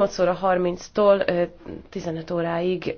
8 óra 30-tól 15 óráig